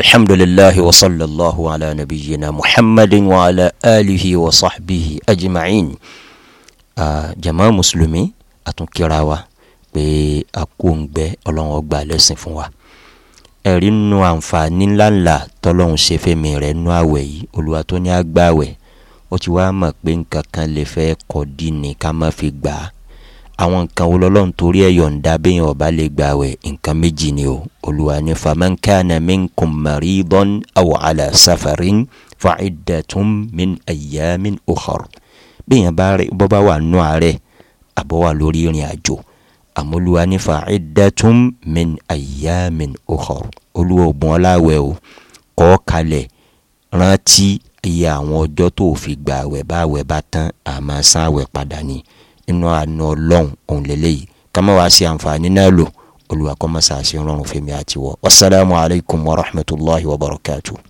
الحمد لله وصلى الله على نبينا محمد وعلى آله وصحبه أجمعين آه جماعة مسلمين أتنكرا wa pé akóńgbẹ ọlọ́run ọgbà lẹ́sìn fún wa ẹ̀rí nu àǹfààní ńláńlá tọ́lọ́run ṣe fẹ́mi rẹ̀ nu àwẹ̀ yìí olùwà tó ní agbáwẹ̀ ó ti wá mọ̀ pé nǹkan kan lè fẹ́ kọ́ dí ni ká má fi gbà á àwọn nǹkan wo lọ́lọ́run torí ẹ̀ yọ̀ǹda bẹ́yìn ọba lè gbà wẹ̀ nǹkan méjì ni o olùwà ní famankana minkum maridon awo ala safarin fa'idatun min ayamin ukhor bẹ́yìn bọ́ bá wà nù àárẹ̀ àbọ̀ wà lórí ìrìn àjò àmọ́ olùwà ní fa'idatun min ayamin ukhor olùwà ògbọ́n láwẹ̀ o kọ́ kalẹ̀ rántí iye àwọn ọjọ́ tó fi gbà wẹ̀ bá wẹ̀ bá tán àmọ́ sáwẹ̀ padà ni inú àna ọlọ́run òun lélẹ́yìí kama wàá ṣe àǹfààní náà lò olùwàkọ́ mọ́sàásì rọrùn fèmí àtiwọ́ wasalaamualeykum wa rahmatulahi wa barakatuh.